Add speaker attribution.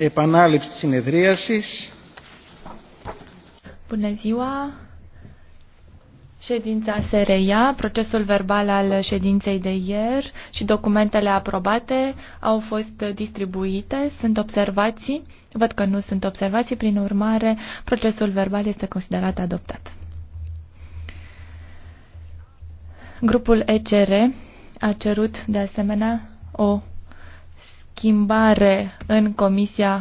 Speaker 1: επανάληψη συνεδρίασης.
Speaker 2: Bună ziua! Ședința se reia, procesul verbal al ședinței de ieri și documentele aprobate au fost distribuite. Sunt observații? Văd că nu sunt observații, prin urmare procesul verbal este considerat adoptat. Grupul ECR a cerut de asemenea o schimbare
Speaker 3: în Comisia